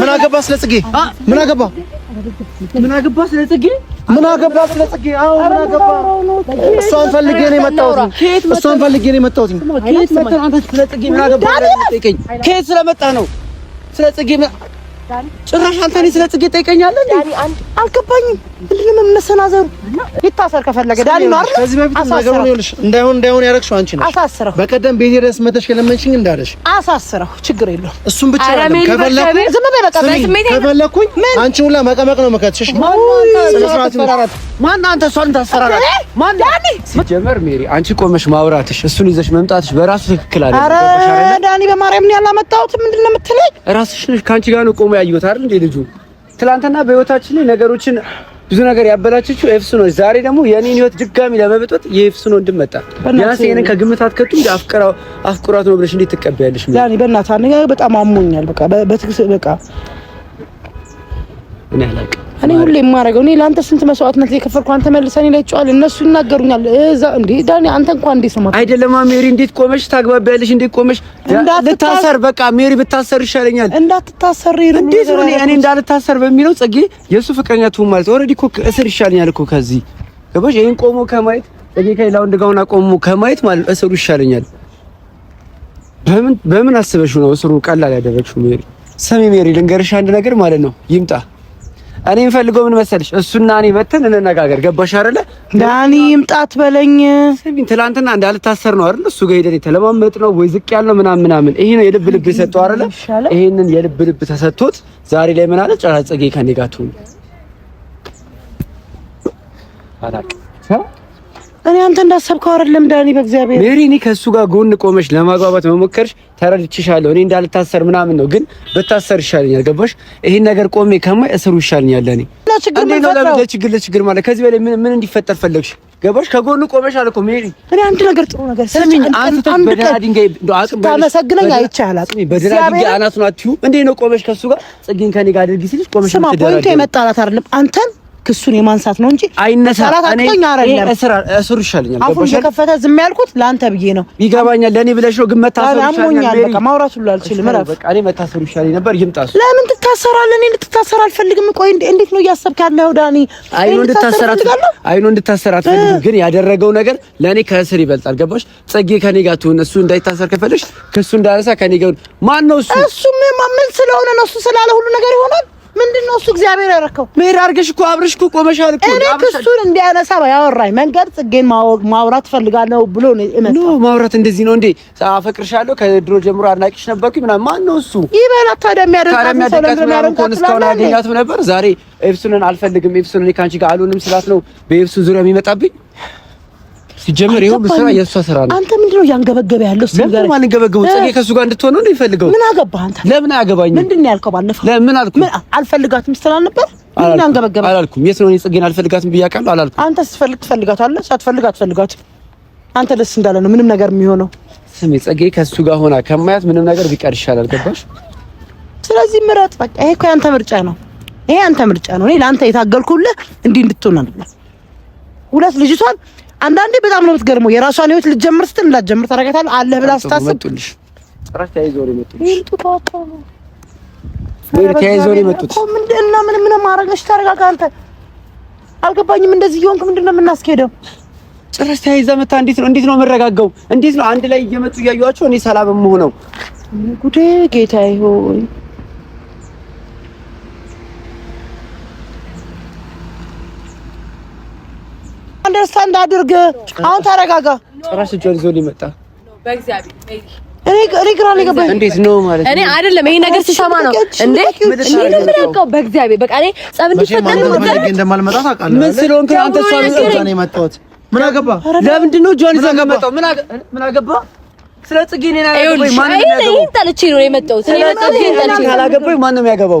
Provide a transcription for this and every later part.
ምን አገባ ስለ ጽጌ? ምን አገባ ምን አገባ ስለ ጽጌ? ምን አገባ ስለ ጽጌ? አዎ ምን አገባ? እሷን ፈልጌ ነው የመጣሁት። እሷን ፈልጌ ነው የመጣሁት። ከየት መጣህ አንተ? ስለ ጽጌ ምን አገባ? ከየት ስለመጣህ ነው ስለ ጽጌ ጭራሽ አንተ እኔ ስለ ጽጌ ጠይቀኛለህ? አልገባኝም። ምንድን ነው መሰናዘሩ? ይታሰር ከፈለገ ዳኒ ነው አይደል? ከዚህ በፊት ነገሩ ይኸውልሽ፣ እንዳይሆን እንዳይሆን ያደረግሽው አንቺ ነሽ። አሳስረው። በቀደም ቤቴ ድረስ መተሽ ከለመንሽኝ እንዳለሽ አሳስረው። ችግር የለውም እሱም ብቻ አይደለም። ከፈለኩኝ ዝም በይ በቃ። ከፈለኩኝ አንቺ ሁላ መቀመቅ ነው መከትሽሽ። ማን አንተ እሷን ታስፈራራት? ማን ዳኒ? ሲጀመር ሜሪ አንቺ ቆመሽ ማውራትሽ እሱን ይዘሽ መምጣትሽ በራሱ ትክክል አይደለም። ዳኒ በማርያም ነው ያላመጣሁት። ምንድን ነው የምትለኝ? ራስሽ ነሽ ከአንቺ ጋር ነው ቆሞ አየሁት አይደል እንዴ ልጁ ትላንትና በህይወታችን ላይ ነገሮችን ብዙ ነገር ያበላችችው ኤፍሱ ነው። ዛሬ ደግሞ የኔን ህይወት ድጋሚ ለመበጥበጥ የኤፍሱ ነው እንድመጣ ቢያንስ ይሄንን ከግምት አትከቱ። እንደ አፍቅራው አፍቅሯት ነው ብለሽ እንዴት ትቀበያለሽ? ያኔ በእናትህ አነጋገር በጣም አሞኛል። በቃ በትክስ በቃ እኔ አላውቅም እኔ ሁሌ የማደርገው እኔ ለአንተ ስንት መስዋዕትነት የከፈልኩ አንተ መልሰን እኔ ላይ እነሱ ይናገሩኛል። እዛ እንዴ ዳኒ፣ አንተ እንኳን እንዴት ነው አይደለም ሜሪ፣ እንዴት ቆመሽ ታግባቢያለሽ? እንዴት ቆመሽ ልታሰር? በቃ ሜሪ ብታሰር ይሻለኛል። እንዳትታሰር ይሩ እንዴት ነው እኔ እንዳልታሰር በሚለው ጽጌ የእሱ ፍቅረኛ ትሁን ማለት ኦልሬዲ እኮ እስር ይሻለኛል እኮ ከዚህ ገባሽ? ይሄን ቆሞ ከማየት ጽጌ ከሌላ ወንድ ጋር ሆና ቆሞ ከማየት ማለት እስሩ ይሻለኛል። በምን በምን አስበሽ ነው እስሩ ቀላል ያደረግሽው ሜሪ? ስሚ ሜሪ፣ ልንገርሽ አንድ ነገር ማለት ነው። ይምጣ እኔ የምፈልገው ምን መሰልሽ፣ እሱና እኔ መተን እንነጋገር። ገባሽ አይደለ? ዳኒ ይምጣት በለኝ። ስሚኝ፣ ትናንትና እንዳልታሰር ነው አይደል? እሱ ጋር ሄደን የተለማመጥ ነው ወይ ዝቅ ያልነው ምናምን ምናምን። ይሄ ነው የልብ ልብ የሰጠው አይደለ? ይሄንን የልብ ልብ ተሰጥቶት ዛሬ ላይ ምን አለ ጨራ ጽጌ ከኔ ጋር ትሁን እኔ አንተ እንዳሰብከው አይደለም ዳኒ። በእግዚአብሔር ሜሪ፣ እኔ ከእሱ ጋር ጎን ቆመሽ ለማግባባት መሞከርሽ ተረድቼሻለሁ። እኔ እንዳልታሰር ምናምን ነው፣ ግን ብታሰር ይሻለኛል። ገባሽ? ይሄን ነገር ቆሜ ከማይ እስሩ ይሻለኛል ለእኔ። ለችግር ለችግር ማለት ከዚህ በላይ ምን ምን እንዲፈጠር ፈለግሽ? ገባሽ? ከጎን ቆመሽ አልኮ ሜሪ። እኔ አንድ ነገር ጥሩ ነገር ስለሚኝ አንተ በደህና ድንጋይ ታመሰግነኝ አይቻላል። በደህና ድንጋይ አናቱን አትዩ እንዴ ነው ቆመሽ ከእሱ ጋር ጽጌን ከኔ ጋር አድርጊ ሲልሽ ቆመሽ። ስማ ፖይንቱ የመጣላት አይደለም አንተን ክሱን የማንሳት ነው እንጂ አይነሳት አጥቶኝ ዝም ያልኩት ለአንተ ብዬ ነው። ይገባኛል። ለእኔ ብለሽ ነው። ግን መታሰሩ ይሻለኛል። እኔ መታሰሩ ይሻለኝ ነበር። ይምጣ። ለምን ትታሰራለህ? እኔ እንድትታሰር አልፈልግም። ቆይ እንዴት ነው እያሰብክ ያለው ዳኒ? አይኑ እንድታሰራት እንድታሰራት ግን ያደረገው ነገር ለእኔ ከእስር ይበልጣል። ገባሽ? ጽጌ ከኔ ጋር ትሁን። እሱ እንዳይታሰር ከፈለሽ ክሱ እንዳነሳ ከኔ ጋር ማን ነው እሱ? እሱ ምን ስለሆነ ነው እሱ ስላለ ሁሉ ነገር ይሆናል። ምንድን ነው እሱ እግዚአብሔር ያረከው? መሄድ አድርገሽ እኮ አብረሽ እኮ ቆመሻል እኮ። እኔ ክሱን እንዲያነሳ ያወራኝ መንገድ ጽጌን ማውራት ፈልጋለሁ ብሎ ነው የመጣው። ኖ ማውራት እንደዚህ ነው እንዴ? አፈቅርሻለሁ፣ ከድሮ ጀምሮ አድናቂሽ ነበርኩ ምናምን። ማን ነው እሱ? ይበላት ታዲያ። የሚያደርጋት እስካሁን አገኛትም ነበር። ዛሬ ኤፍሱንን አልፈልግም፣ ኤፍሱንን ከአንቺ ጋር አልሆንም ስላት ነው በኤፍሱን ዙሪያ የሚመጣብኝ ሲጀመር ይሄ ሁሉ ስራ የእሷ ስራ ነው። አንተ ምንድነው ያንገበገበ ያለው? ለምን ማንገበገበው? ጽጌ ከእሱ ጋር እንድትሆን ነው የሚፈልገው። ምን አገባህ አንተ? ለምን አያገባኝም። ምንድነው ያልከው ባለፈው? ለምን አልኩ? ምን አልፈልጋትም ስትል አልነበር? ምን አንገበገበ አላልኩም? የት ነው እኔ ጽጌን አልፈልጋትም ብዬሽ አውቃለሁ አላልኩም? አንተ ስትፈልግ ትፈልጋታለህ፣ ሳትፈልግ አትፈልጋትም። አንተ ደስ እንዳለ ነው ምንም ነገር የሚሆነው። ስሜ ጽጌ ከእሱ ጋር ሆና ከማያት ምንም ነገር ቢቀር ይሻላል። ገባሽ? ስለዚህ ምረጥ በቃ። ይሄ እኮ ያንተ ምርጫ ነው። ይሄ አንተ ምርጫ ነው። እኔ ለአንተ የታገልኩልህ እንዲህ እንድትሆን አይደለም። ሁለት ልጅቷን አንዳንዴ በጣም ነው የምትገርመው። የራሷን ህይወት ልትጀምር ስትል እንዳትጀምር ታደርጋታለህ። አለ ብላ ስታስብ ተያይዘው የመጡት እና ምን ምን ማረገሽ? ተረጋጋ አንተ። አልገባኝም። እንደዚህ እየሆንክ ምንድን ነው የምናስኬደው? ጭራሽ ተያይዛ መታ። እንዴት ነው እንዴት ነው የምረጋጋው? እንዴት ነው አንድ ላይ እየመጡ እያዩዋቸው እኔ ሰላም የምሆነው? ጉዴ ጌታዬ ሆይ አንደርስታንድ አድርግ። አሁን ተረጋጋ። ጭራሽ እጇን ይዞ ሊመጣ እኔ ግራ ሊገባኝ እንዴት ነው ማለት እኔ አይደለም ይሄ ነገር ሲሰማ ነው እንዴ እኔ ነው የምናውቀው። በእግዚአብሔር በቃ እኔ ጸብ እንዲፈጠር ነው እንደማልመጣ ታውቃለህ። ምን ስለሆንክ ነው አንተ? እሷ ነው የመጣሁት። ምን አገባ? ለምንድን ነው እጇን ይዘህ የመጣው? ምን አገባ? ስለ ጽጌ ነው ያለው ስለ ማን ነው ያገባው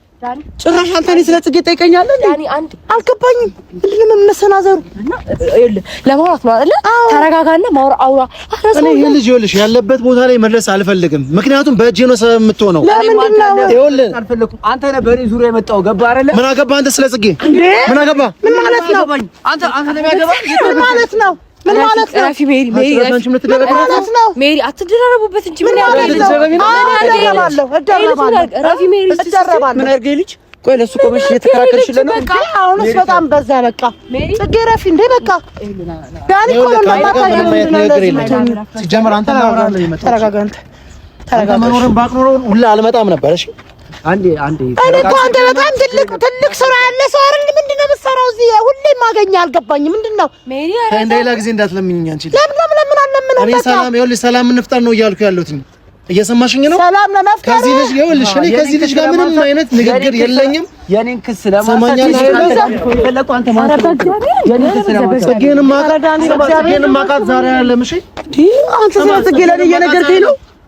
ጭራሽ አንተ እኔ ስለ ጽጌ ጠይቀኛለህ እንዴ? አልገባኝም። መሰናዘሩ? ለማውራት ነው አይደለ? ተረጋጋና ማውራ አውራ። እኔ ይሄ ልጅ ይኸውልሽ ያለበት ቦታ ላይ መድረስ አልፈልግም። ምክንያቱም በእጄ ነው የምትሆነው። ለምንድን ነው ይኸውልህ፣ አልፈልግም። አንተ ነህ በእኔ ዙሪያ የመጣው አይደለ? ምን አገባህ አንተ ስለ ጽጌ? ምን አገባህ? ምን ማለት ነው? አንተ አንተ ነው የሚያገባህ ምን ማለት ነው? ምን ማለት ነው? ራፊ ሜሪ ሜሪ ምን ቆይ ለሱ ቆመሽ ነው። በጣም በዛ። በቃ ጽጌ ረፊ እንደ በቃ ዳኒ ሲጀመር። አንተ ተረጋጋ፣ አንተ ተረጋጋ። መኖርን ሁላ አልመጣም ነበር። እሺ አንዴ አንዴ እኔ እኮ አንተ በጣም ትልቅ ትልቅ ስራ ያለ ሰው አይደል? ምንድን ነው የምትሰራው እዚህ? ሁሌ ማገኘ አልገባኝም። ምንድን ነው ሜሪ? አይ ሌላ ጊዜ እንዳትለምኝኝ አንቺ። ለምን ለምን ለምን አልለምንም? እኔ ሰላም ይኸውልሽ፣ ሰላም እንፍጠር ነው እያልኩ ያለሁት እየሰማሽኝ ነው? ሰላም ለመፍጠር ከዚህ ልጅ ይኸውልሽ፣ እኔ ከዚህ ልጅ ጋር ምንም አይነት ንግግር የለኝም። የኔን ክስ ለማሳየት ነው። ዛሬ ያለም። አንተ ስለ ጽጌ ለኔ እየነገርከኝ ነው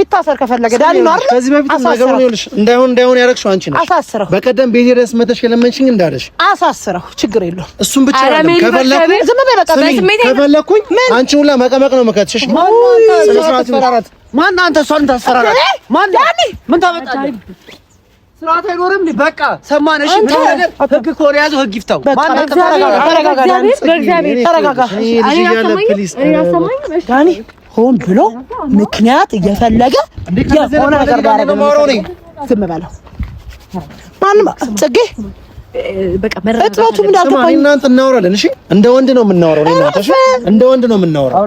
ይታሰር ከፈለገ ዳኒ ነው አይደል? ከዚህ በፊት ነገሩን ይኸውልሽ፣ እንዳይሆን እንዳይሆን ያደረግሽው አንቺ ነሽ። አሳስረው በቀደም ቤቴ ድረስ መተሽ የለመንሽኝ እንዳለሽ አሳስረው። ችግር የለውም እሱን ብቻ አይደለም። ከፈለኩኝ ዝም በይ በቃ። ከፈለኩኝ አንቺ ሁላ መቀመቅ ነው መከትሽሽ። ማን አንተ እሷን ታስፈራራት? ማን ዳኒ ምን ታመጣለህ? ስርዓት አይኖርም። በቃ ሰማነሽ። ነገር ህግ ከሆነ ያዘው ህግ ይፍታው። ተረጋጋ፣ ተረጋጋ፣ ተረጋጋ። ሆን ብሎ ምክንያት እየፈለገ የሆነ ነገር ባረገ ዝም በለው። ማንም ጽጌ በቃ እጥረቱ ምን እንዳልገባኝ እናንተ እናወራለን። እሺ እንደ ወንድ ነው የምናወራው። እንደ ወንድ ነው የምናወራው።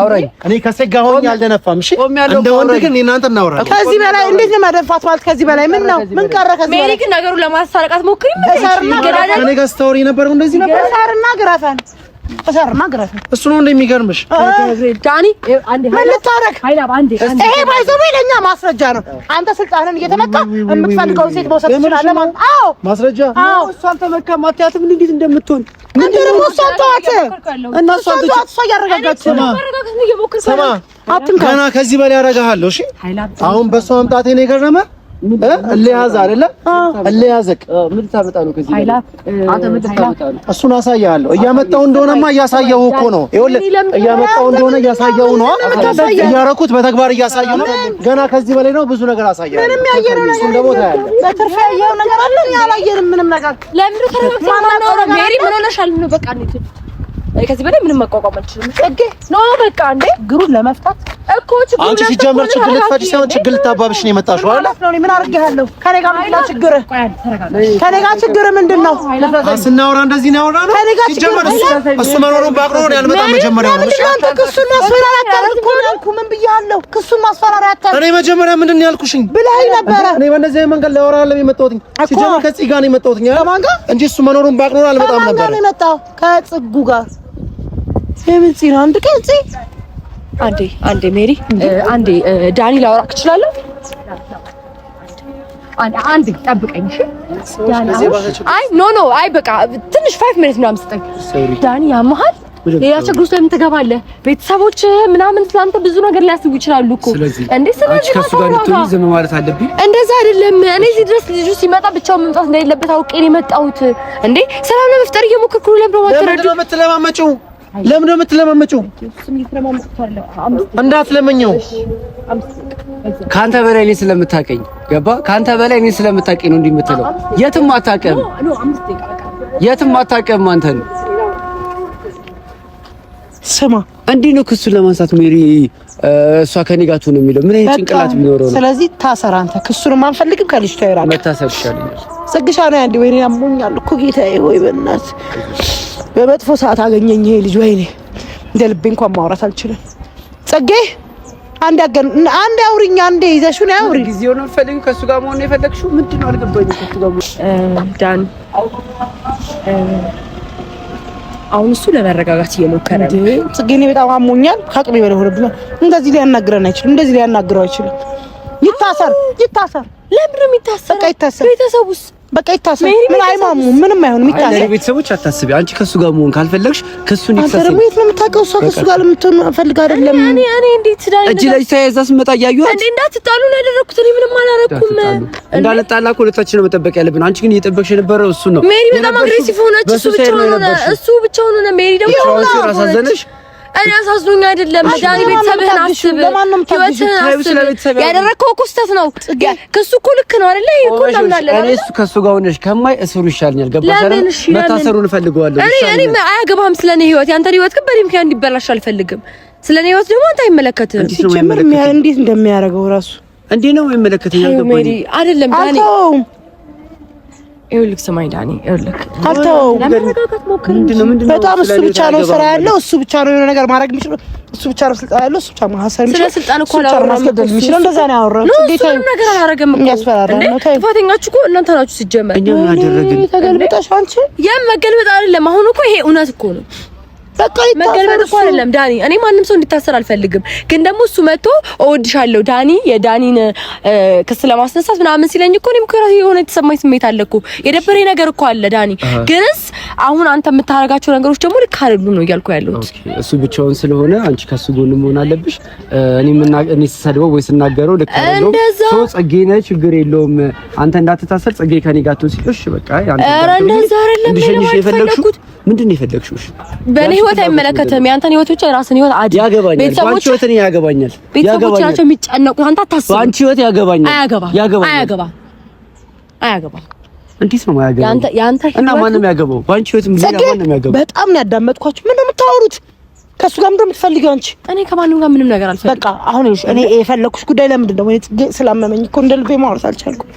አውራኝ እኔ ከሴት ጋር ሆኜ አልደነፋም። እሺ እንደ ወንድ ግን እናንተ እናወራለን። ከዚህ በላይ እንዴት ነው መደንፋት ማለት? ከዚህ በላይ ምን ነው ምን ቀረ? ከዚህ በላይ ሜሪክ ነገሩን ለማሳረቃት ሞክሪ። ምን ከኔ ጋር ስታወሪ የነበረው እንደዚህ ነበር። ሰርና ግረፈን እሱ ነው ዳኒ። ይሄ ባይዘው ማስረጃ ነው። አንተ ስልጣንን እየተመካ የምትፈልገውን ሴት መውሰድ ትችላለህ ማለት አዎ፣ ማስረጃ አዎ። እሱ አልተመካም። አትያትም እንዴት እንደምትሆን ምንድነው? ነው? እና እሷ ተዋት። እሷ እያረጋጋች ስማ፣ ገና ከዚህ በላይ ያረጋሃለሁ። እሺ፣ አሁን በእሷ መምጣቴ ነው የገረመህ? እልያዝ አይደለ? እልያዘቅ ምን ታመጣ ነው? ከዚህ እሱን አሳያለሁ። እያመጣሁ እንደሆነማ እያሳየሁ እኮ ነው። ይኸውልህ እያመጣሁ እንደሆነ እያሳየሁ ነው። እያረኩት በተግባር እያሳየሁ ነው። ገና ከዚህ በላይ ነው ብዙ ነገር አሳያለሁ። ምንም ያየነው ነገር አለ። በትርፍ ያየኸው ነገር አለ። ያላየንም ምንም ነገር ከዚህ በላይ ምንም መቋቋም አልችልም። ጸጌ ኖ በቃ እንዴ ግሩን ለመፍታት እኮ ችግሩ አንቺ ሲጀመር ችግር ልትፈጪ ሳይሆን ችግር ልታባብሽ ነው የመጣሽው አይደል? ምን አድርጌሃለሁ? ከኔ ጋር ምንድን ነው ችግር? ከኔ ጋር ችግር ምንድን ነው? ስናወራ እንደዚህ ነው ያወራነው። ከኔ ጋር ችግር እሱ መኖሩን ባቅሮ ነው ያልመጣም። መጀመሪያ ነው እሺ አንተ ክሱን ማስፈራሪያ አታልኩም። ምን ብያለሁ? ክሱን ማስፈራሪያ አታልኩም። እኔ መጀመሪያ ምንድን ነው ያልኩሽኝ ብለኸኝ ነበረ። እኔ በእንደዚህ መንገድ ላወራ አለም የመጣሁት ሲጀመር ከጽጌ ጋር ነው የመጣሁት እንጂ እሱ መኖሩን ባቅሮ አልመጣም ነበር። ከማን ጋር ነው የመጣው? ከጽጉ ጋር የምን ፂ ነው? አንድ ቀን ፂ አንዴ አንዴ ሜሪ አንዴ ዳኒ ላውራቅ እችላለሁ? አንድ ጠብቀኝ። አይ ኖ ኖ አይ በቃ ትንሽ ፋይቭ ሚኒት ምናምን ስጠኝ። ዳኒ ያመሃል፣ ሌላ ችግር ውስጥ ለምን ትገባለህ? ቤተሰቦች ምናምን ስለአንተ ብዙ ነገር ሊያስቡ ይችላሉ እኮ ስለዚህ ከሱ ጋር ልትሆኚ ዝም ማለት አለብኝ? እንደዛ አይደለም። እኔ እዚህ ድረስ ልጁ ሲመጣ ብቻውን መምጣት እንደሌለበት አውቄ ነው የመጣሁት። እንዴ ሰላም ለመፍጠር እየሞከርኩ ነው ለምን ነው የምትለማመጪው? ለምን ነው የምትለማመጪው? እንዳትለመኘው ከአንተ በላይ እኔ ስለምታቀኝ ገባ። ከአንተ በላይ እኔ ስለምታቀኝ ነው እንዲህ የምትለው። የትም አታቀም፣ የትም አታቀም። አንተ ነው ስማ። እንዲህ ነው ክሱን ለማንሳት ሜሪ፣ እሷ ከኔ ጋር ትሁን የሚለው ምን አይነት ጭንቅላት የሚኖረው ነው? ስለዚህ ታሰር አንተ። ክሱን ማንፈልግም ከልጅቷ ይራቅ። መታሰር ይሻለኛል። ጽግሻ ነው ያንዴ። ወይኔ ያሞኛል እኮ ጌታዬ፣ ወይ በእናትህ በመጥፎ ሰዓት አገኘኝ ይሄ ልጅ። ወይኔ እንደ ልቤ እንኳን ማውራት አልችልም። ጸጌ አንድ አገን አንድ አውሪኝ፣ አንዴ ይዘሽው ነው አውሪ። ጊዜው ነው ፈልግ ከሱ ጋር መሆን የፈለግሽው ምንድን ነው? አልገባኝም። ከሱ ጋር ዳን አሁን እሱ ለመረጋጋት እየሞከረ ነው። ጽጌ እኔ በጣም አሞኛል፣ ከአቅሜ በላይ ሆነብኛል። እንደዚህ ሊያናግረን አይችልም፣ እንደዚህ ሊያናግረው አይችልም። ይታሰር፣ ይታሰር። ለምን ነው የሚታሰር? በቃ ይታሰር። ቤተሰቡስ በቃ ይታሰብ። ምን አይማሙ ምንም አይሆንም። ይታሰብ። ቤተሰቦች አታስቢ። አንቺ ከሱ ጋር መሆን ካልፈለግሽ ክሱን ይታሰብ። አንተ የት ነው የምታውቀው? እሷ ከሱ ጋር ለምትሆን ለምትፈልግ አይደለም። እኔ እኔ እንዴት ዳይ እጅ ላይ ተያይዛ ስትመጣ እያየኋት እንዴ እንዳትጣሉ ነው ያደረኩት። እኔ ምንም አላረኩም። እንዳልጣላ እኮ ሁለታችን ነው መጠበቅ ያለብን። አንቺ ግን እየጠበቅሽ የነበረው እሱ ነው። ሜሪ በጣም አግሬሲቭ ሆነች። እሱ ብቻ ሆነ እሱ ብቻ ሆነ ሜሪ ደግሞ ራስ አዘነሽ እኔ አሳዝኖኝ አይደለም። ዳኒ ቤተሰብህን አስብ፣ ህይወትህን አስብ። ያደረግከው እኮ ስተት ነው። ከሱ እኮ ልክ ነው አይደለ? ይሄ እኮ ታምናለህ። እኔ እሱ ጋር ሆነሽ ከማይ እስሩ ይሻልኛል። ገባሽ መታሰሩን እፈልገዋለሁ። እኔ እኔ አያገባህም ስለኔ ህይወት። ያንተ ህይወት ግን በእኔ ምክንያት እንዲበላሽ አልፈልግም። ስለኔ ህይወት ደግሞ አንተ አይመለከትህም። ሲጀምር እንዴት እንደሚያደርገው ራሱ እንዴ ነው የሚመለከተኝ። አይደለም ዳኒ ይኸውልህ ስማኝ ዳኒ፣ ይኸውልህ አታወው በጣም እሱ ብቻ ነው ስራ ያለው፣ እሱ ብቻ ነው የሆነ ነገር ማድረግ የሚችለው፣ እሱ ብቻ ነው ስልጣን ያለው፣ እሱ ብቻ ነው ሀሳብ የሚችለው። ስለ ስልጣን እኮ አላወራም የሚችለው እንደዛ ነው ያወራው። እንዴት ነው ነገር አላደረገም እኮ ያስፈራራ ነው። ታይ ጥፋተኛችሁ እኮ እናንተ ናችሁ። ሲጀመር እኛ ምን አደረግን? ተገልብጠሽ አንቺ የም መገልበጥ አይደለም። አሁን እኮ ይሄ እውነት እኮ ነው በቃ መገልበጥ እኮ አይደለም ዳኒ። እኔ ማንም ሰው እንዲታሰር አልፈልግም፣ ግን ደግሞ እሱ መጥቶ እወድሻለሁ ዳኒ የዳኒን ክስ ለማስነሳት ምናምን ሲለኝ እኮ እኔም ከራሴ የሆነ የተሰማኝ ስሜት አለ እኮ የደበረኝ ነገር እኮ አለ ዳኒ። ግንስ አሁን አንተ የምታደርጋቸው ነገሮች ደግሞ ልክ አይደሉም ነው እያልኩ ያለሁት። እሱ ብቻውን ስለሆነ አንቺ ከሱ ጎን መሆን አለብሽ። እኔ ምን እኔ ስሰድበው ወይ ስናገረው ልክ አይደለም። ሰው ጸጌ ነህ፣ ችግር የለውም አንተ እንዳትታሰር ጸጌ ከኔ ጋር ትሆን እሺ በቃ አንተ እንደዛ አይደለም ነው የፈለግሽው። ምንድን ነው የፈለግሽው? በኔ ህይወት አይመለከትም። ያንተን ህይወት ብቻ የራስን ህይወት አድ ያገባኛል። ቤተሰቦች ህይወት ነው ያገባኛል። ቤተሰቦች ናቸው የሚጨነቁት። አንተ አታስብ። አንቺ ህይወት ያገባኛል። አያገባ አያገባ አያገባ እንዴት ነው ማያገባ? ያንተ ያንተ እና ማንም ያገባው ባንቺ ህይወት ምን ያገባ? ማንም ያገባው። በጣም ነው ያዳመጥኳችሁ። ምን ነው የምታወሩት? ከእሱ ጋር ምንድን ነው የምትፈልጊው አንቺ? እኔ ከማንም ጋር ምንም ነገር አልፈልግም። በቃ አሁን እኔ የፈለኩሽ ጉዳይ ለምንድን ነው? እኔ ስላመመኝ እኮ እንደ ልቤ ማውራት አልቻልኩም።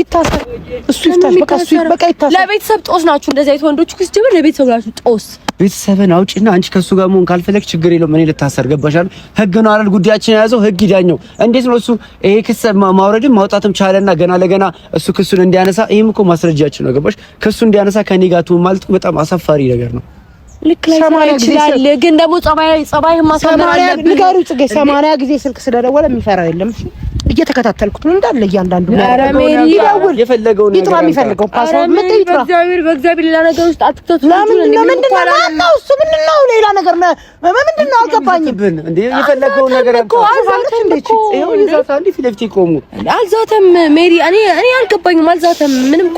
ይታሰር፣ እሱ ይፍታሽ፣ በቃ እሱ በቃ ይታሰር። ለቤተሰብ ጦስ ናችሁ እንደዚህ አይነት ወንዶች ለቤተሰብ ናችሁ ጦስ። ቤተሰብን አውጪና አንቺ ጋር መሆን ካልፈለግ ችግር የለውም እኔ ልታሰር። ገባሻል? ህግ ነው አይደል? ጉዳያችን የያዘው ህግ ይዳኘው። እንዴት ነው እሱ ይሄ ክስ ማውረድም ማውጣትም ቻለና ገና ለገና እሱ ክሱን እንዲያነሳ፣ እኮ ማስረጃችን ነው። ገባሽ? ክሱ እንዲያነሳ ከኔ ጋር ትሁን ማለት በጣም አሳፋሪ ነገር ነው። ልክ ላይ ይችላል፣ ግን ደግሞ ጸባይ ጸባይ ንገሩ ጽጌ ሰማንያ ጊዜ ስልክ ስለደወለ የሚፈራው የለም። እየተከታተልኩት ነው እንዳለ እያንዳንዱ ይደውል ይጥራ የሚፈልገው ፓስወርድ ምን ይጥራ። በእግዚአብሔር በእግዚአብሔር ሌላ ነገር ውስጥ ለምንድን ነው ምንድን ነው እሱ? ምንድን ነው ሌላ ነገር ምንድን ነው? አልገባኝም እንዴ ነገር አልዛተም ፊት ለፊት ቆሙ አልዛተም። ሜሪ እኔ እኔ አልገባኝም። አልዛተም ምንም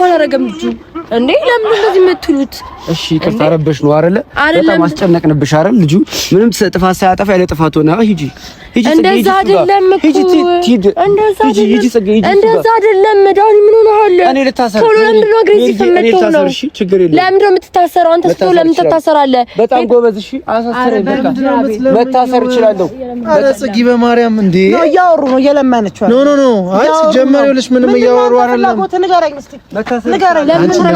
እንዴ ለምን እንደዚህ የምትሉት? እሺ ረበሽ ነው አይደለ አይደለም አስጨነቅንብሽ አይደል? ልጁ ምንም ጥፋት ሳያጠፋ ያለ ጥፋት ሆነ። ሂጂ ሂጂ፣ እንደዛ አይደለም ሂጂ፣ ሂጂ፣ እንደዛ አይደለም። ምን ነው ነው? ችግር ነው የምትታሰረው? አንተ ለምን በጣም ጎበዝ። እሺ በማርያም እንዴ! ነው ነው፣ ኖ ኖ ኖ፣ አይ ጀመር ምንም አይደለም። ለምን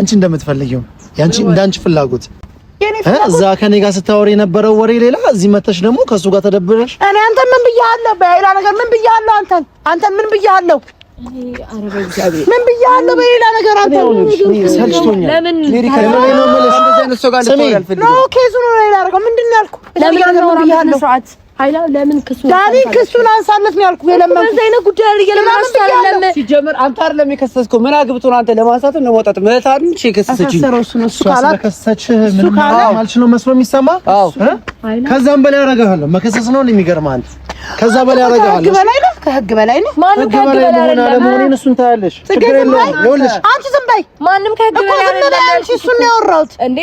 አንቺ እንደምትፈልጊው ያንቺ እንዳንቺ ፍላጎት እዛ ከኔ ጋር ስታወሪ የነበረው ወሬ ሌላ፣ እዚህ መተሽ ደግሞ ከሱ ጋር ተደብረሽ። እኔ አንተ ምን ብያለሁ? በሌላ ነገር ምን ብያለሁ? አንተ አንተ ምን ብያለሁ? ምን ብያለሁ? በሌላ ነገር አንተ ሰልችቶኛል። ለምን ነው ኬዙ ነው ምንድን ነው ያልኩህ? ለምን ነው ብያለሁ? ኃይላ ለምን ክሱ ዳኒ ክሱን አንሳለት ነው ያልኩህ። የለመንኩት እንደዚህ አይነት ጉዳይ ሲጀመር አንተ ምን አንተ ለማንሳት ነው ነው መስሎ የሚሰማ ከዛም በላይ መከሰስ ነው የሚገርምህ አንተ ከዛ በላይ አደርጋለሁ። ከህግ በላይ ነው። ከህግ በላይ ነው። ማንም ከህግ በላይ አይደለም። አለመሆኔን እሱን ታያለሽ። ችግር የለውም። ይኸውልሽ አንቺ ዝም በይ። ማንም ከህግ በላይ አይደለም። ዝም በይ አንቺ። እሱን ነው ያወራሁት እንዴ።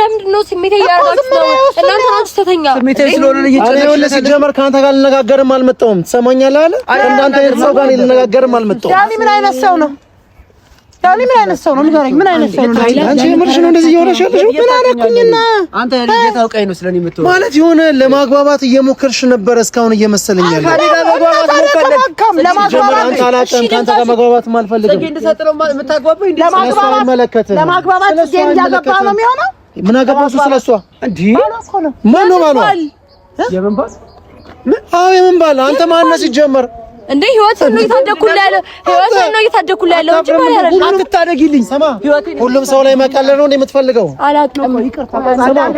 ለምንድን ነው ስሜቴ ያረጋግጥ ነው? እናንተ ናችሁ ተተኛ። ስሜቴ ስለሆነ ልጅ ይኸውልሽ፣ ሲጀመር ከአንተ ጋር ልነጋገርም አልመጣሁም። ትሰማኛለህ አይደል? እንዳንተ አይነት ሰው ጋር ልነጋገርም አልመጣሁም። ዳኒ ምን አይነት ሰው ነው? ያኔ ምን አይነት ሰው ነው ንገረኝ። ምን አይነት ሰው ነው? አንቺ የምርሽ ነው እንደዚህ እየሆነሽ ያለሽው? ምን አደረኩኝና? አንተ ልጅ ታውቀኝ ነው ስለኔ የምትወው ማለት የሆነ ለማግባባት እየሞከርሽ ነበር እስካሁን እየመሰለኝ ያለ። ለማግባባት አንተ ለማግባባት ለማግባባት እንዳገባ ነው የሚሆነው። ምን አገባሽ ስለሷ እንዴ? ማን ነው ማለት? ነው? የምን ባል? አዎ የምን ባል? አንተ ማነህ ሲጀመር እንደ ህይወት ነው እየታደኩልህ ያለ ህይወት ነው እየታደኩልህ ያለው እንጂ ማለት አይደለም። ታደግልኝ። ስማ፣ ሁሉም ሰው ላይ መቀለል ነው የምትፈልገው። አላውቅም።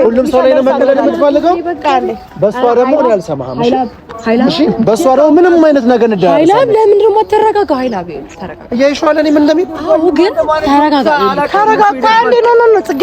ሁሉም ሰው ላይ ነው መቀለል የምትፈልገው። በእሷ ደግሞ እኔ አልሰማህም። እሺ፣ በእሷ ደግሞ ምንም አይነት ነገር እንዳያደርግ። ኃይላም ለምን ደግሞ ተረጋጋ። ኃይላም እያይሽዋለሁ እኔ ምን እንደሚል ግን ተረጋጋ። ተረጋጋ። አንዴ ነው ነው ጽጌ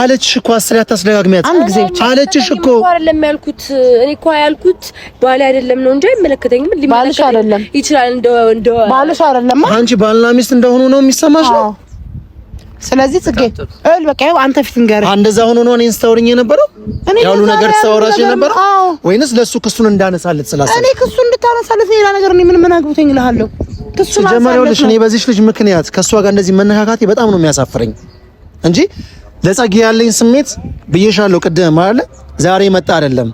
አለችሽ እኮ አስሬ አታስደጋግሚያት። አንድ ጊዜ ብቻ አለችሽ እኮ አይደለም ያልኩት። እኔ እኮ ያልኩት ባል አይደለም ነው እንጂ አይመለከተኝም። ባልሽ አይደለም ይችላል፣ እንደ እንደ ባልሽ አይደለም። አንቺ ባልና ሚስት እንደሆኑ ነው የሚሰማሽ ነው። ስለዚህ ጽጌ እል በቃ ያው አንተ ፊት ንገረኝ። እንደዛ ሆኖ ነው እኔን ስታወሪኝ የነበረው ያሉ ነገር ስታወራሽ የነበረው ወይንስ ለሱ ክሱን እንዳነሳለት ስላሰብሽ? እኔ ክሱን እንድታነሳለት ሌላ ነገር እኔ ምን ምን አግብቶኝ እልሃለሁ። ክሱን አነሳለት። እኔ በዚህ ልጅ ምክንያት ከሷ ጋር እንደዚህ መነካካቴ በጣም ነው የሚያሳፍረኝ እንጂ ለጸጌ ያለኝ ስሜት ብዬሻለሁ፣ ቅድም አይደለ ዛሬ መጣ አይደለም።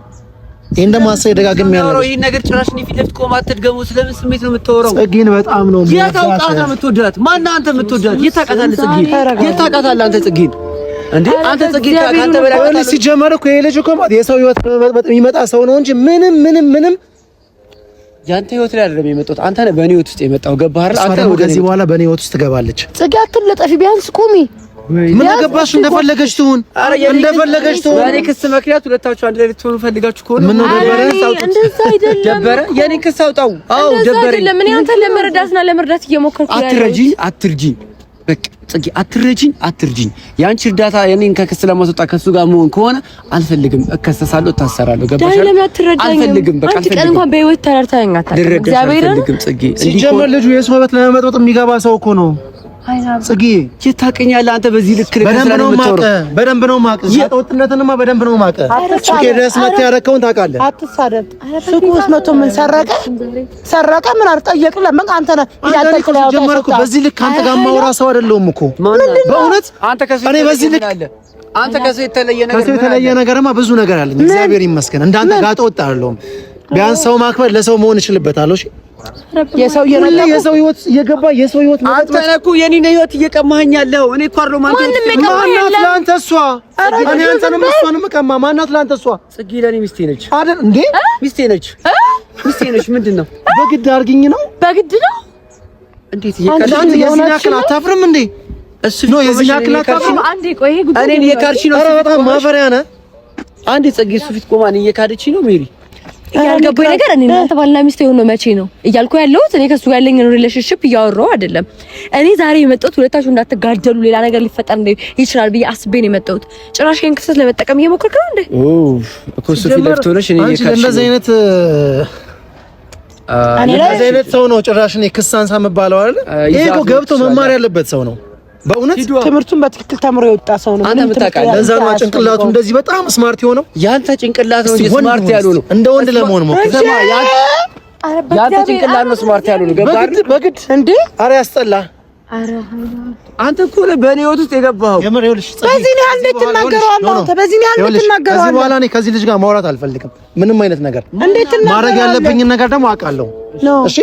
ይሄን ደግሞ አሳይ ደጋግም ያለው ይሄን ነገር ጭራሽ ነው። ፊት ለፊት ቆማ አትድገሙ። ስለምን ስሜት ነው የምታወራው? ጸጌን በጣም ነው የታውቃታ የምትወዳት ማነህ አንተ? የምትወዳት የታውቃታለህ? ጸጌን የታውቃታለህ አንተ? ጸጌን እንዴ አንተ ጸጌን ታውቃታለህ? በላይ ሲጀመር እኮ ይሄ ልጅ እኮ ማለት የሰው ህይወት የሚመጣ ሰው ነው እንጂ ምንም ምንም ምንም ያንተ ህይወት ላይ አይደለም የመጣሁት። አንተ ነህ በእኔ ህይወት ውስጥ የመጣው። ገባህ አይደል? አንተ ወደዚህ በኋላ በእኔ ህይወት ውስጥ ትገባለች። ጸጌ አትለጠፊ፣ ቢያንስ ቁሚ ምን አገባሽ? እንደፈለገች ትሁን እንደፈለገች ትሁን። በእኔ ክስ ምክንያት ሁለታችሁ አንድ ላይ ልትሆኑ ፈልጋችሁ ከሆነ ምን ነው ደበረ? አይደለም ደበረ። የኔ ክስ አውጣው። አዎ ደበረ። ለምን አንተ ለመረዳትና ለመርዳት እየሞከርኩ ያለው አትረጂ፣ አትርጂ በቃ ጽጌ አትረጂኝ፣ አትርጂኝ። የአንቺ እርዳታ የኔን ከክስ ለማስወጣት ከሱ ጋር መሆን ከሆነ አልፈልግም፣ እከሰሳለሁ፣ እታሰራለሁ። ገባሽ? አልፈልግም፣ በቃ አንቺ ቀን እንኳን በህይወት ተራርታኛታ እግዚአብሔር ይመስገን። ጽጌ ሲጀመር ልጁ የሰው ቤት ለመመጥበጥ የሚገባ ሰው እኮ ነው ጽጌ የት ታውቀኛለህ አንተ? በዚህ ልክ ልክ በደንብ ነው የማውቀህ፣ በደንብ ነው የማውቀህ። የወጥነትንማ በደንብ ነው የማውቀህ። ጽጌ ድረስ መተህ ያደረከውን ታውቃለህ። አትሳደብ። ሱቁ ውስጥ መቶ ምን ሰረቀ ሰረቀ ምን አልጠየቅን። ለምን አንተ ነህ ጀመርህ ጀመርኩ በዚህ ልክ አንተ ጋር የማወራ ሰው አይደለሁም እኮ በእውነት እኔ በዚህ ልክ አንተ ከሰው የተለየ ነገር ከሰው የተለየ ነገርማ ብዙ ነገር አለኝ። እግዚአብሔር ይመስገን እንዳንተ ጋጠ ወጥ አይደለሁም። ቢያንስ ሰው ማክበር ለሰው መሆን እችልበታለሁ። እሺ የሰው ህይወት እየገባ የሰው ህይወት አንተ ነህ የኔን ህይወት እየቀማኸኝ ያለው። እኔ እኮ ማናት ለአንተ እሷ? እኔ አንተንም እሷንም እቀማ። ማናት ለአንተ እሷ? ጽጌ ለእኔ ሚስቴ ነች አይደል? እንዴ ሚስቴ ነች፣ ሚስቴ ነች። ምንድን ነው በግድ ነው? በግድ ነው። እንዴት የዚህን ያክል አታፍርም እንዴ? እሱ ነው የዚህን ያክል አታፍርም? አንዴ ቆይ፣ ይሄ እኔን እየካድሽ ነው። በጣም ማፈሪያ ነህ። አንዴ ጽጌ እሱ ፊት ቆማ ነው ሜሪ ያልገባኝ ነገር እኔ እናንተ ባልና ሚስት የሆነው መቼ ነው እያልኩ ያለሁት እኔ ከሱ ያለኝ ሪሌሽንሽፕ እያወራሁ አይደለም። እኔ ዛሬ የመጣሁት ሁለታችሁ እንዳትጋደሉ ሌላ ነገር ሊፈጠር ይችላል ብዬ አስቤ ነው የመጣሁት። ጭራሽ ይሄን ክፍተት ለመጠቀም እየሞከርክ ነው እንዴ? ኦ እኮ እሱ ፊት ለፊት ሆነሽ እኔ እንደዚህ አይነት እንደዚህ አይነት ሰው ነው ጭራሽ እኔ ክስ አንሳ የምባለው አይደል? ይሄ እኮ ገብቶ መማር ያለበት ሰው ነው። በእውነት ትምህርቱን በትክክል ተምሮ የወጣ ሰው ነው። አንተ የምታውቃለህ። ለዛ ነው ጭንቅላቱ እንደዚህ በጣም ስማርት የሆነው። ያንተ ጭንቅላት ነው ስማርት ያሉ ነው። እንደ ወንድ ለመሆን ነው። ያንተ ጭንቅላት ነው ስማርት ያሉ ነው። ገባህ? በግድ እንዴ! አረ ያስጠላ አንተ እኮ ነህ በእኔ ህይወት ውስጥ የገባኸው። በዚህ ነው ያህል ትናገረዋለህ። በዚህ ነው ያህል ትናገረዋለህ። ከዚህ በኋላ እኔ ከዚህ ልጅ ጋር ማውራት አልፈልግም። ምንም አይነት ነገር እንዴት ማድረግ ያለብኝን ነገር ደግሞ አውቃለሁ። እሺ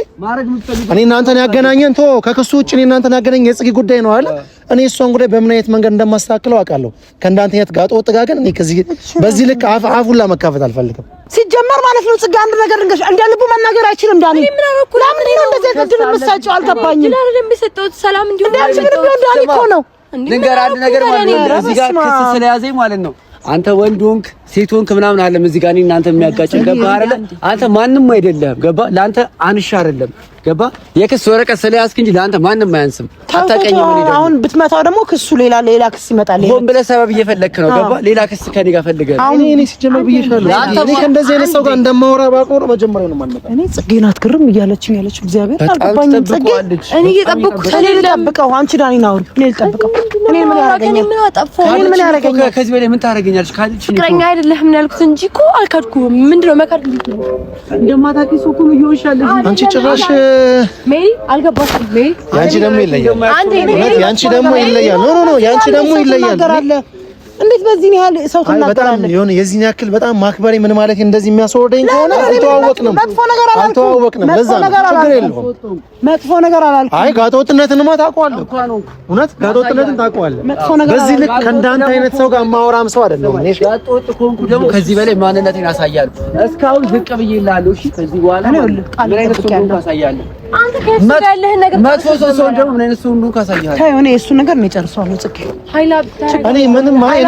እኔ እናንተን ያገናኘን ቶ ከክሱ ውጭ እኔ እናንተን የጽጌ ጉዳይ ነው አይደል? እኔ እሷን ጉዳይ በምን አይነት መንገድ እንደማስተካክለው አውቃለሁ። ከእንዳንተ አይነት ጋጦ ወጥ ጋር ግን እኔ ከዚህ በዚህ ልክ አፍ አልፈልግም። ሲጀመር ማለት ነው ጽጌ አንድ ነገር እንደ ልቡ መናገር አይችልም። ዳኒ ነው እንደዚህ የምትሰጪው? አልገባኝም። ሰላም እንዲሆን ዳኒ እኮ ነው አንድ ነገር ማለት ነው። እዚህ ጋር ክስ ስለያዘኝ ማለት ነው አንተ ወንድ ሆንክ ሴት ሆንክ ምናምን አለም እዚህ ጋር እናንተ የሚያጋጭን ገባ አይደለ? አንተ ማንም አይደለም ገባ? ለአንተ አንሽ አይደለም ገባ? የክስ ወረቀት ስለያዝክ እንጂ ለአንተ ማንም አያንስም። አታቀኝ ምን አሁን ብትመታው ደግሞ ክሱ ሌላ ሌላ ክስ ይመጣል። ሆን ብለህ ሰበብ እየፈለክ ነው ገባ? ሌላ ክስ ከኔ ጋር ፈልገህ አሁን እኔ ሲጀመር ብዬሻለሁ። እኔ ከእንደዚህ አይነት ሰው ጋር እንደማወራ ባቆር መጀመሪያ ነው ማንመጣ። እኔ ጽጌ ናት ግርም እያለችኝ ያለችው እግዚአብሔር አልገባኝም። ጽጌ እኔ እየጠበቅኩ እኔ ልጠብቀው፣ አንቺ ዳኒ ናውሪ እኔ ልጠብቀው። እኔ ምን ያረገኛል? ከዚህ በላይ ምን ታረገኛለች? ፍቅረኛ አይደለህም ያልኩት እንጂ እኮ አልካድኩም። ምንድነው መካድ እንደማታውቂ ሰው እኮ ነው። አንቺ ጭራሽ ሜሪ አልገባሽም። ሜሪ ያንቺ ደግሞ ይለያል። አንቺ ደግሞ ይለያል። ኖ ኖ ኖ ያንቺ ደግሞ ይለያል። እንዴት በዚህ ያህል ሰው ትናገራለህ? የዚህን ያክል በጣም ማክበሪ ምን ማለት እንደዚህ የሚያስወርደኝ ከሆነ አልተዋወቅንም፣ አልተዋወቅንም። ለዛ መጥፎ ነገር አላልኩም። አይ ጋጠወጥነትንማ ታውቀዋለህ፣ እውነት ጋጠወጥነትን ታውቀዋለህ። በዚህ ልክ ከእንዳንተ አይነት ሰው ጋር ማወራም ሰው አይደለም። ጋጠወጥ ኮንኩ ደግሞ ከዚህ በላይ ማንነቴን አሳያለሁ። እስካሁን ዝቅ ብዬ እሺ፣ ከዚህ በኋላ ምን አይነት ሰው አሳያለሁ? አንተ ሰው ምን አይነት ሰው አሳያለሁ። ነገር ነው ምንም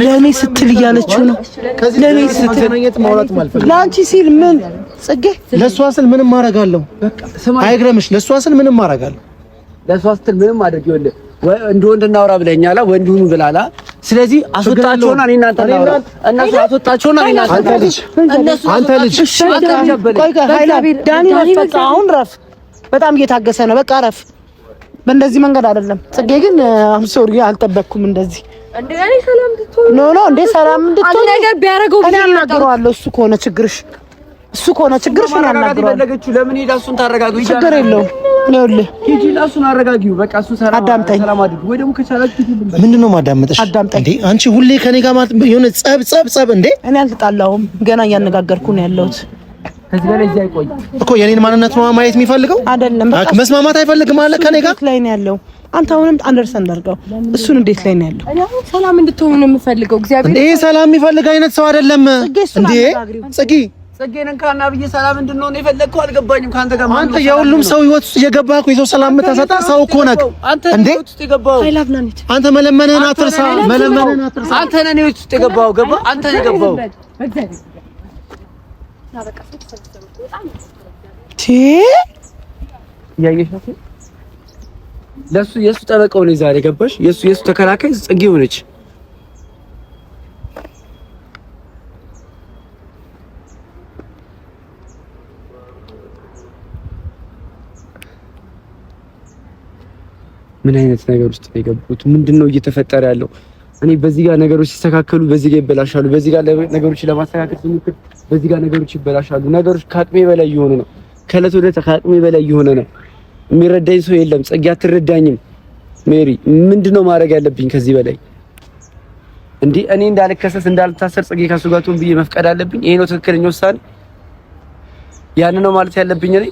ለእኔ ስትል እያለችው ነው። ለእኔ ስትል ለአንቺ ሲል ምን ጽጌ፣ ለእሷ ስል ምንም አደርጋለሁ። አይግረምሽ፣ ለእሷ ስል ምንም አደርጋለሁ። ለእሷ ስትል ምንም አድርግ ይኸውልህ እንደ ወንድ እናውራ ብለኛላ፣ ወንድ ሁኑ ብላላ። ስለዚህ አስወጣቸውና እኔ እናንተ እናውራ። እነሱ አስወጣቸውና እኔ እናንተ አንተ ልጅ አንተ ልጅ ቆይ ጋር ኃይላ ዳኒ በቃ አሁን ረፍ። በጣም እየታገሰ ነው። በቃ ረፍ። በእንደዚህ መንገድ አይደለም ጽጌ። ግን አም ሶሪ አልጠበቅኩም እንደዚህ እንዴ ሰላም ኖ ኖ እንዴ ሰላም እንድትሆን ነገር ቢያደርገው እኔ አናግረዋለሁ። እሱ ከሆነ ችግርሽ እሱ ከሆነ ችግርሽ አናግረዋለሁ። ለምን ሄዳ እሱን ታረጋጊው፣ ችግር የለውም። ይኸውልህ ሂጂና እሱን አረጋጊው። በቃ እሱ ሰላም አዳምጠኝ፣ ወይ ደግሞ ከቻላችሁ ምንድን ነው ማዳመጥሽ? አዳምጠኝ። እንዴ አንቺ ሁሌ ከኔ ጋር ማለት የሆነ ጸብ ጸብ ጸብ። እንዴ እኔ አልተጣላሁም፣ ገና እያነጋገርኩ ነው ያለሁት ከዚህ በላይ እዚህ አይቆይ እኮ የኔን ማንነት ነው ማየት የሚፈልገው አይደለም። በቃ መስማማት አይፈልግም አለ ከኔ ጋር ላይ ነው ያለው። አንተ አሁንም አንደርስታንድ አድርገው እሱን እንዴት ላይ ነው ያለው? ሰላም እንድትሆኑ የምፈልገው እግዚአብሔር። ይሄ ሰላም የሚፈልግ አይነት ሰው አይደለም እንዴ ጽጌ ጽጌን ብዬ ሰላም እንድንሆን አልገባኝም። ከአንተ ጋር አንተ የሁሉም ሰው ህይወት ውስጥ እየገባህ እኮ የሰው ሰላም ሰው እኮ ነህ እንዴ አንተ። መለመንህን አትርሳ፣ መለመንህን አትርሳ። አንተ ነህ ህይወት ውስጥ የገባኸው። ገባህ? አንተ ነህ የገባኸው ለሱ የሱ ጠበቃው ነኝ ዛሬ ገባሽ? የሱ የሱ ተከላካይ ጽጌ ሆነች። ምን አይነት ነገር ውስጥ ነው የገቡት? ምንድን ነው እየተፈጠረ ያለው? እኔ በዚህ ጋር ነገሮች ሲስተካከሉ በዚህ ጋር ይበላሻሉ፣ በዚህ ጋር ነገሮች ለማስተካከል ስሞክር በዚህ ጋር ነገሮች ይበላሻሉ። ነገሮች ከአቅሜ በላይ የሆኑ ነው፣ ከእለት ወደ ከአቅሜ በላይ የሆነ ነው። የሚረዳኝ ሰው የለም። ጸጌ አትረዳኝም። ሜሪ ምንድነው ማድረግ ያለብኝ ከዚህ በላይ እንዴ? እኔ እንዳልከሰስ እንዳልታሰር ጽጌ ከሱ ጋር ብዬ መፍቀድ አለብኝ? ይሄ ነው ትክክለኛ ውሳኔ? ያን ነው ማለት ያለብኝ እኔ